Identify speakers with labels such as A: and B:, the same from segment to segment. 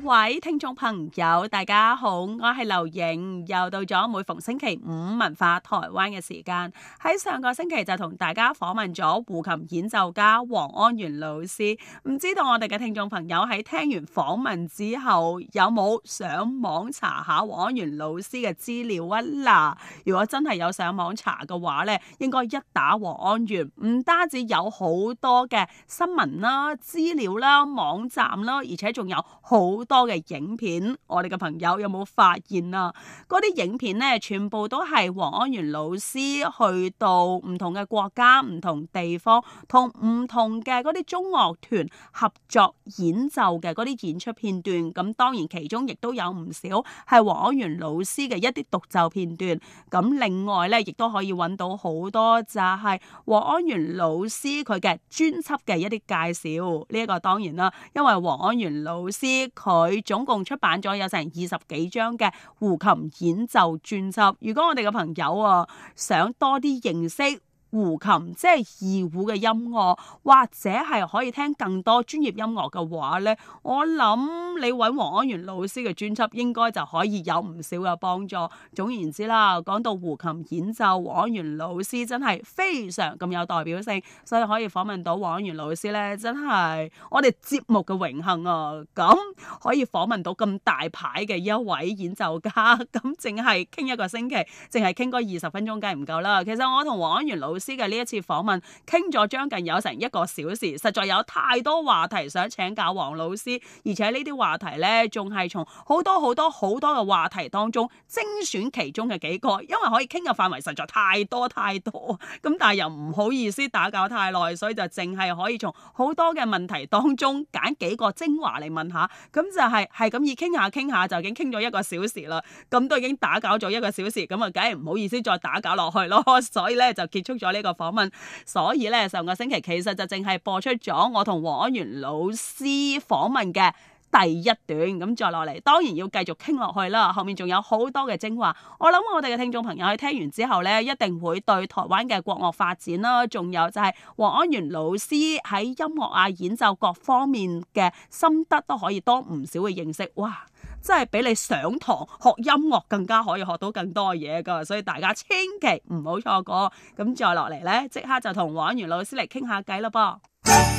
A: 各位聽眾朋友，大家好，我係劉瑩，又到咗每逢星期五文化台灣嘅時間。喺上個星期就同大家訪問咗胡琴演奏家黃安源老師，唔知道我哋嘅聽眾朋友喺聽完訪問之後，有冇上網查下黃安源老師嘅資料啊？嗱，如果真係有上網查嘅話咧，應該一打黃安源，唔單止有好多嘅新聞啦、資料啦、網站啦，而且仲有好多嘅影片，我哋嘅朋友有冇發現啊？嗰啲影片咧，全部都係黃安源老師去到唔同嘅國家、唔同地方，同唔同嘅嗰啲中樂團合作演奏嘅嗰啲演出片段。咁當然其中亦都有唔少係黃安源老師嘅一啲獨奏片段。咁另外咧，亦都可以揾到好多就係黃安源老師佢嘅專輯嘅一啲介紹。呢一個當然啦，因為黃安源老師佢。佢總共出版咗有成二十幾張嘅胡琴演奏專輯。如果我哋嘅朋友啊想多啲認識，胡琴即係二胡嘅音樂，或者係可以聽更多專業音樂嘅話呢，我諗你揾黃安源老師嘅專輯應該就可以有唔少嘅幫助。總言之啦，講到胡琴演奏，黃安源老師真係非常咁有代表性，所以可以訪問到黃安源老師呢，真係我哋節目嘅榮幸啊！咁可以訪問到咁大牌嘅一位演奏家，咁淨係傾一個星期，淨係傾嗰二十分鐘梗係唔夠啦。其實我同黃安源老師師嘅呢一次訪問，傾咗將近有成一個小時，實在有太多話題想請教黃老師，而且呢啲話題呢，仲係從好多好多好多嘅話題當中精選其中嘅幾個，因為可以傾嘅範圍實在太多太多，咁但係又唔好意思打攪太耐，所以就淨係可以從好多嘅問題當中揀幾個精華嚟問下，咁就係係咁而傾下傾下，就已經傾咗一個小時啦，咁都已經打攪咗一個小時，咁啊，梗係唔好意思再打攪落去咯，所以呢，就結束咗。呢個訪問，所以咧上個星期其實就淨係播出咗我同黃安源老師訪問嘅第一段。咁再落嚟，當然要繼續傾落去啦。後面仲有好多嘅精華，我諗我哋嘅聽眾朋友去聽完之後咧，一定會對台灣嘅國樂發展啦，仲有就係黃安源老師喺音樂啊、演奏各方面嘅心得都可以多唔少嘅認識。哇！即係俾你上堂學音樂更加可以學到更多嘢噶，所以大家千祈唔好錯過。咁再落嚟呢，即刻就同安源老師嚟傾下偈咯噃。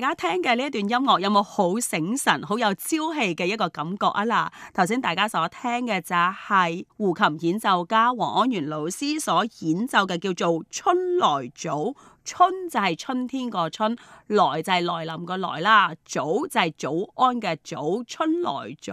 A: 大家聽嘅呢一段音樂有冇好醒神、好有朝氣嘅一個感覺啊啦？頭先大家所聽嘅就係胡琴演奏家黃安源老師所演奏嘅，叫做《春來早》。春就係春天個春，來就係來臨個來啦，早就係早安嘅早，《春來早》。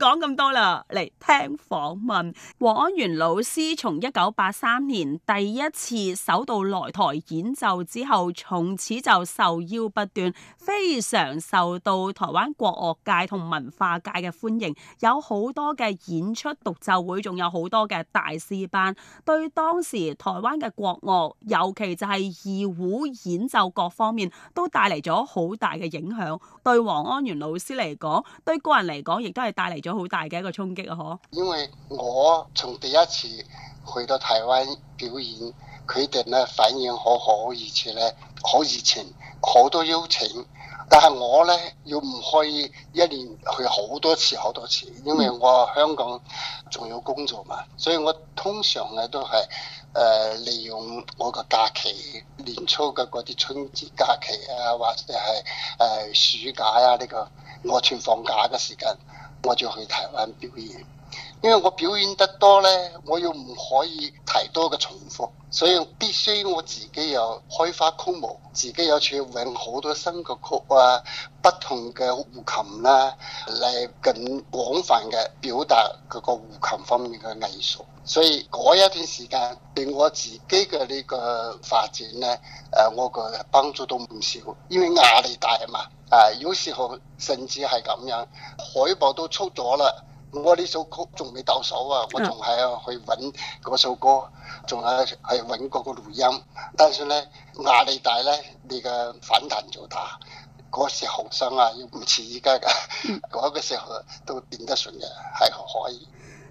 A: 講咁多啦，嚟聽訪問。黃安源老師從一九八三年第一次首度來台演奏之後，從此就受邀不斷，非常受到台灣國樂界同文化界嘅歡迎。有好多嘅演出獨奏會，仲有好多嘅大師班，對當時台灣嘅國樂，尤其就係二胡演奏各方面，都帶嚟咗好大嘅影響。對黃安源老師嚟講，對個人嚟講，亦都係帶嚟咗好大嘅一個衝擊啊！嗬，
B: 因為我從第一次去到台灣表演，佢哋咧反應好好，而且咧好熱情，好多邀請。但係我咧要唔可以一年去好多次好多次，因為我香港仲有工作嘛，所以我通常咧都係誒、呃、利用我個假期年初嘅嗰啲春節假期啊，或者係誒、呃、暑假啊呢、這個我全放假嘅時間。我就去台灣表演，因為我表演得多呢，我又唔可以太多嘅重複，所以必須我自己有開發曲目，自己有去搵好多新嘅曲啊，不同嘅胡琴啦、啊，嚟更廣泛嘅表達嗰個胡琴方面嘅藝術。所以嗰一段時間，對我自己嘅呢個發展呢，誒，我嘅幫助都唔少，因為壓力大啊嘛。啊！Uh, 有時候甚至係咁樣，海報都出咗啦，我呢首曲仲未到手啊，我仲係去揾嗰首歌，仲係去揾嗰個錄音。但是咧，壓力大咧，你嘅反彈就大。嗰時學生啊，要唔似依家嘅，嗰 個時候都頂得順嘅，係可以。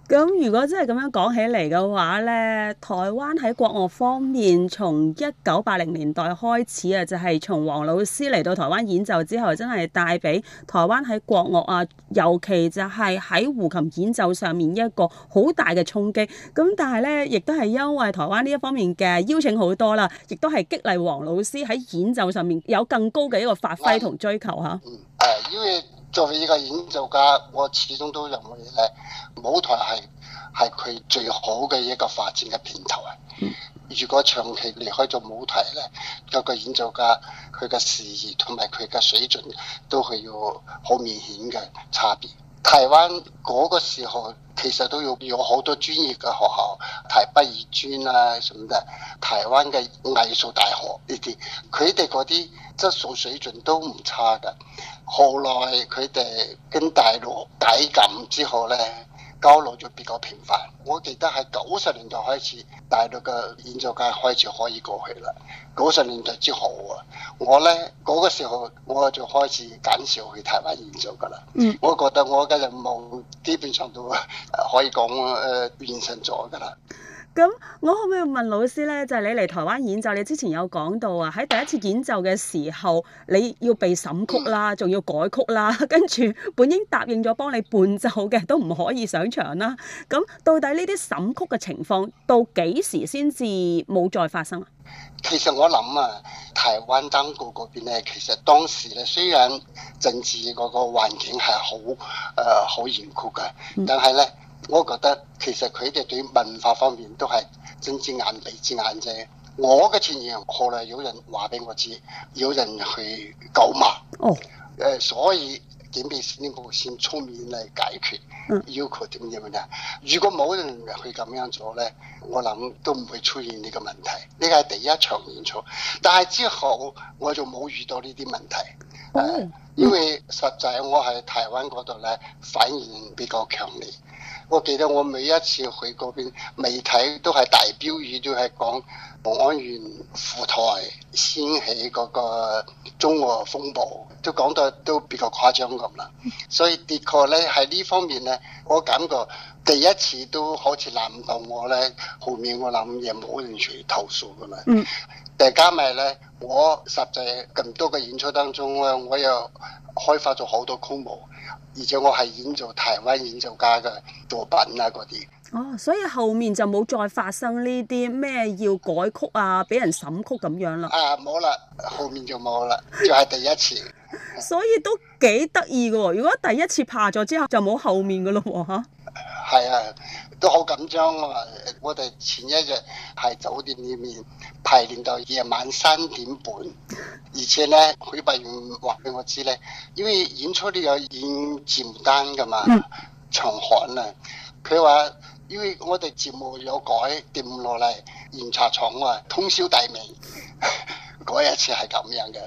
A: 咁如果真係咁樣講起嚟嘅話呢，台灣喺國樂方面，從一九八零年代開始啊，就係、是、從黃老師嚟到台灣演奏之後，真係帶俾台灣喺國樂啊，尤其就係喺胡琴演奏上面一個好大嘅衝擊。咁但係呢，亦都係因為台灣呢一方面嘅邀請好多啦，亦都係激勵黃老師喺演奏上面有更高嘅一個發揮同追求嚇。因為。
B: 作為一個演奏家，我始終都認為咧，舞台係係佢最好嘅一個發展嘅平台。如果長期離開咗舞台咧，個演奏家佢嘅視野同埋佢嘅水準都係要好明顯嘅差別。台灣嗰個時候，其實都有有好多專業嘅學校，台北二專啊，什麼的台灣嘅藝術大學呢啲，佢哋嗰啲質素水準都唔差㗎。後來佢哋跟大陸解禁之後咧。交流就比較頻繁，我記得係九十年代開始，大陸嘅演奏家開始可以過去啦。九十年代之後啊，我呢嗰、那個時候我就開始減少去台灣演奏噶啦。嗯，我覺得我嘅任務基本上都可以講誒完成咗噶啦。
A: 咁我可唔可以問老師咧？就係、是、你嚟台灣演奏，你之前有講到啊，喺第一次演奏嘅時候，你要被審曲啦，仲要改曲啦，跟住本應答應咗幫你伴奏嘅都唔可以上場啦。咁到底呢啲審曲嘅情況，到幾時先至冇再發生啊？
B: 其實我諗啊，台灣當局嗰邊咧，其實當時咧，雖然政治嗰個環境係好誒好嚴酷嘅，但係咧。我覺得其實佢哋對文化方面都係睜隻眼閉隻眼啫。我嘅傳言何來？有人話俾我知，有人去告密。哦，誒，所以警備司令部先出面嚟解決。要求個點樣、mm. 如果冇人去咁樣做咧，我諗都唔會出現呢個問題。呢個係第一場演出，但係之後我就冇遇到呢啲問題。哦，因為實際我喺台灣嗰度咧，反應比較強烈。我記得我每一次去嗰邊，媒體都係大標語，都係講黃安源赴台掀起嗰個中國風暴，都講到都比較誇張咁啦。所以，的確咧喺呢方面咧，我感覺第一次都好似難唔到我咧。後面我諗也冇人隨投訴噶嘛。嗯。但加埋咧，我實際咁多嘅演出當中咧，我又。開發咗好多曲目，而且我係演奏台灣演奏家嘅作品啊，
A: 嗰啲。哦，所以後面就冇再發生呢啲咩要改曲啊，俾人審曲咁樣啦。
B: 啊，冇啦，後面就冇啦，就係第一次。
A: 所以都幾得意㗎喎，如果第一次拍咗之後就冇後面㗎咯喎。
B: 係啊，都好緊張啊！我哋前一日喺酒店裏面排練到夜晚三點半，而且咧許伯員話俾我知咧，因為演出都有演節目單㗎嘛，長項啊！佢話因為我哋節目有改，掂落嚟，演查廠啊，通宵
A: 大明。嗰 一次係咁樣嘅。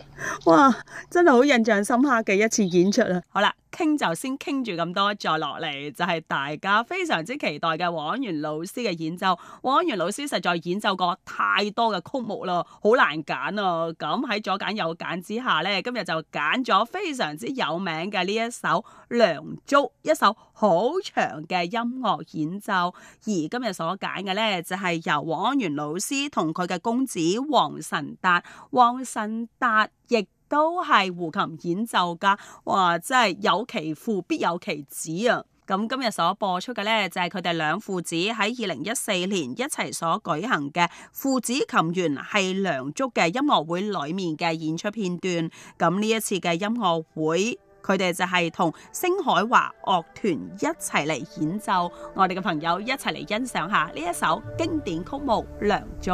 A: 哇！真係好印象深刻嘅一次演出啊！好啦。傾就先傾住咁多，再落嚟就係大家非常之期待嘅黃安源老師嘅演奏。黃安源老師實在演奏過太多嘅曲目啦，好難揀哦、啊。咁喺左揀右揀之下呢，今日就揀咗非常之有名嘅呢一首《梁祝》，一首好長嘅音樂演奏。而今日所揀嘅呢，就係由黃安源老師同佢嘅公子黃晨達，黃晨達亦都係胡琴演奏㗎，哇！真係有其父必有其子啊！咁今日所播出嘅呢，就係佢哋兩父子喺二零一四年一齊所舉行嘅父子琴絃係梁祝嘅音樂會裏面嘅演出片段。咁呢一次嘅音樂會，佢哋就係同星海華樂團一齊嚟演奏，我哋嘅朋友一齊嚟欣賞下呢一首經典曲目《梁祝》。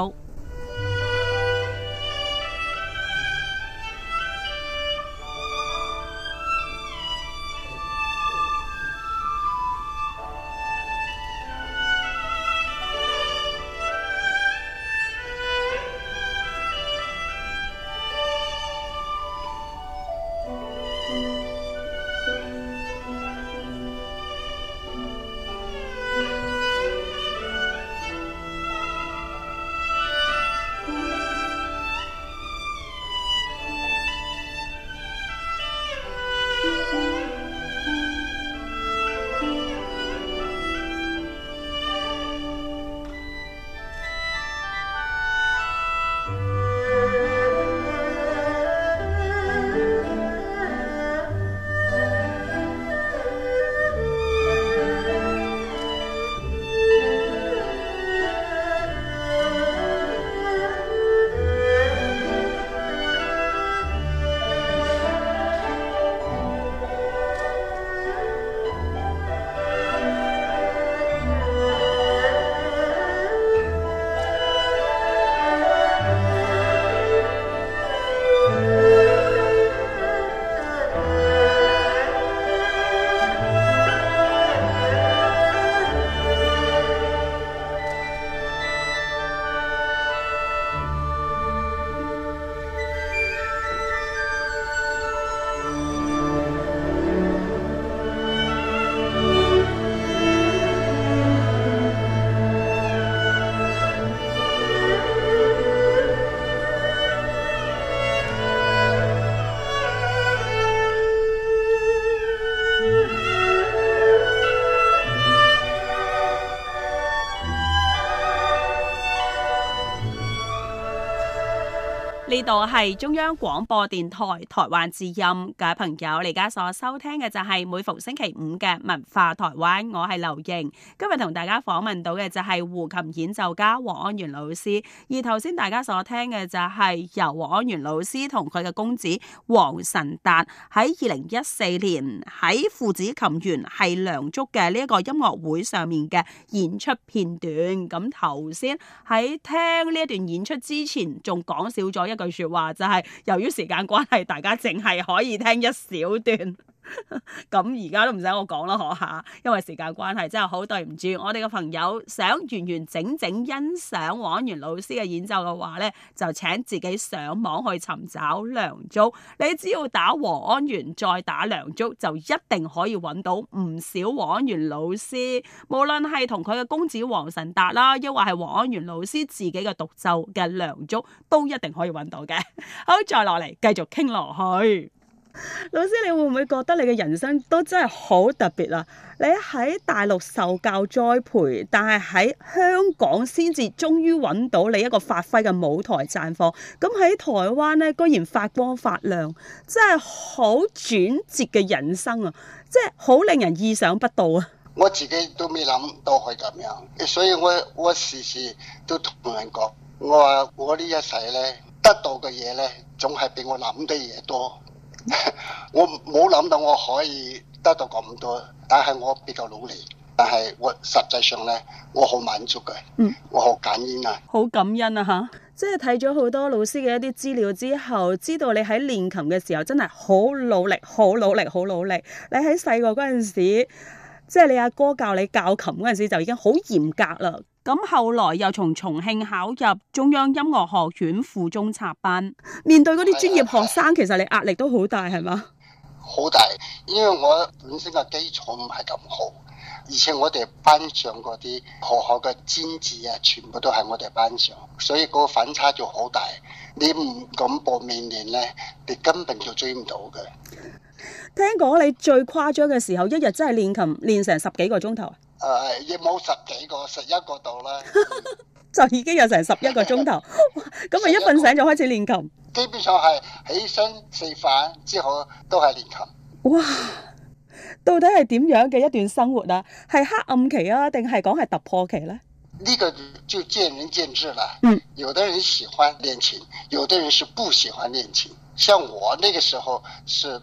A: 度，係中央廣播電台台灣之音嘅各位朋友，你而家所收聽嘅就係每逢星期五嘅文化台灣，我係劉瑩。今日同大家訪問到嘅就係胡琴演奏家黃安源老師，而頭先大家所聽嘅就係由黃安源老師同佢嘅公子黃晨達喺二零一四年喺父子琴緣係梁祝嘅呢一個音樂會上面嘅演出片段。咁頭先喺聽呢一段演出之前，仲講少咗一句。說話就係由於時間關係，大家淨係可以聽一小段。咁而家都唔使我講啦，可下，因為時間關係，真係好對唔住。我哋嘅朋友想完完整整欣賞黃安源老師嘅演奏嘅話呢，就請自己上網去尋找梁祝。你只要打黃安源，再打梁祝，就一定可以揾到唔少黃安源老師。無論係同佢嘅公子黃晨達啦，抑或係黃安源老師自己嘅獨奏嘅梁祝，都一定可以揾到嘅。 好，再落嚟繼續傾落去。老師，你會唔會覺得你嘅人生都真係好特別啦、啊？你喺大陸受教栽培，但係喺香港先至終於揾到你一個發揮嘅舞台綻放。咁喺台灣呢，居然發光發亮，真係好轉折嘅人生啊！即係好令人意想不到
B: 啊！我自己都未諗到會咁樣，所以我我時時都同人講，我話我呢一世呢，得到嘅嘢呢，總係比我諗嘅嘢多。 我冇諗到我可以得到咁多，但係我比較努力，但係我實際上呢，我好滿足嘅。嗯，我好感恩啊，
A: 好感恩啊吓！即係睇咗好多老師嘅一啲資料之後，知道你喺練琴嘅時候真係好努力，好努力，好努力。你喺細個嗰陣時，即係你阿哥教你教琴嗰陣時，就已經好嚴格啦。咁後來又從重慶考入中央音樂學院附中插班，面對嗰啲專業學生，啊啊、其實你壓力都好大，係嘛？
B: 好大，因為我本身嘅基礎唔係咁好，而且我哋班上嗰啲學校嘅尖子啊，全部都喺我哋班上，所以嗰個反差就好大。你唔敢搏命練呢，你根本就追唔到嘅。
A: 聽講你最誇張嘅時候，一日真係練琴練成十幾個鐘頭。
B: 誒，亦冇、uh, 十幾個，十一個度啦，嗯、
A: 就已經有成十一個鐘頭。
B: 咁 啊，一瞓
A: 醒就開始練琴。
B: 基本上係起身食飯之後都係練琴。
A: 哇，到底係點樣嘅一段生活啊？係黑暗期啊，定係講係突破期咧？
B: 呢個就見仁見智啦。嗯，有啲人喜歡練琴，有啲人是不喜歡練琴。像我那個時候是。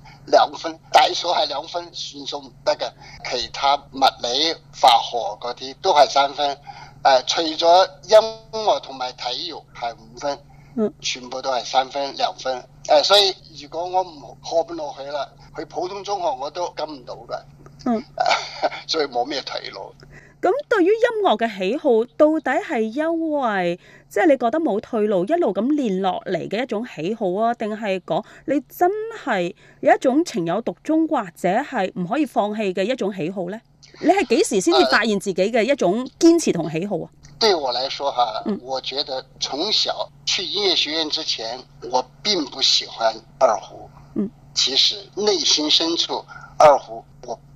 B: 兩分，大數係兩分，算數唔得嘅。其他物理、化學嗰啲都係三分。誒、呃，除咗音樂，同埋體育係五分，全部都係三分、兩分。誒、呃，所以如果我唔學唔落去啦，去普通中學我都跟唔到㗎。嗯、呃。所以冇咩退路。
A: 咁對於音樂嘅喜好，到底係因為，即係你覺得冇退路，一路咁練落嚟嘅一種喜好啊，定係講你真係有一種情有獨鍾，或者係唔可以放棄嘅一種喜好呢？你係幾時先至發現自己嘅一種堅持同喜好啊？
B: 對我來說嚇，我覺得從小去音樂學院之前，我並不喜歡二胡。嗯，其實內心深處，二胡我。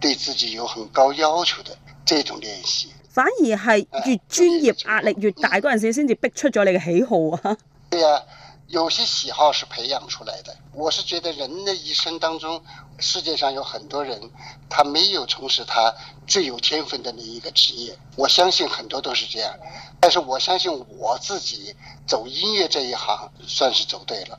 B: 對自己有很高要求的
A: 這種練習，反而是越專業壓力越大嗰陣時，先至逼出咗你嘅喜好
B: 啊。嗯，對啊，有些喜好是培養出來的。我是覺得人的一生當中，世界上有很多人，他沒有從事他最有天分的那一個職業。我相信很多都是這樣，但是我相信我自己走音樂這一行算是走對了。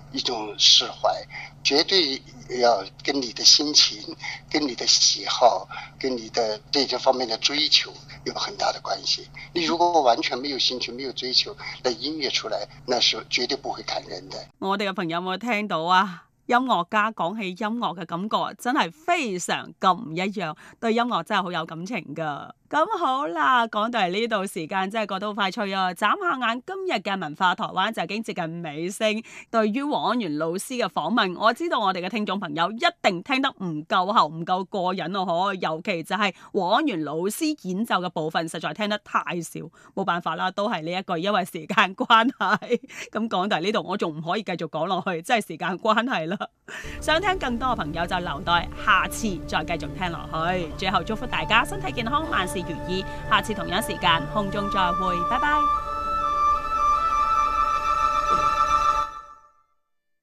B: 一種釋懷，絕對要跟你的心情、跟你的喜好、跟你的對這方面的追求有很大的關係。你如果完全沒有興趣、沒有追求，那音樂出來那是絕對不會感人的。我
A: 的我哋嘅朋友有冇聽到啊？音樂家講起音樂嘅感覺真係非常咁唔一樣，對音樂真係好有感情噶。咁好啦，講到嚟呢度時間真係過得好快脆啊、哦！眨下，眼，今日嘅文化台灣就已經接近尾聲。對於黃安源老師嘅訪問，我知道我哋嘅聽眾朋友一定聽得唔夠喉，唔夠過癮咯、哦。可尤其就係黃安源老師演奏嘅部分，實在聽得太少，冇辦法啦，都係呢一句，因為時間關係，咁 講到嚟呢度，我仲唔可以繼續講落去，真係時間關係啦。 想聽更多嘅朋友就留待下次再繼續聽落去。最後祝福大家身體健康，萬事如意。下次同樣時間，空中再會，拜拜。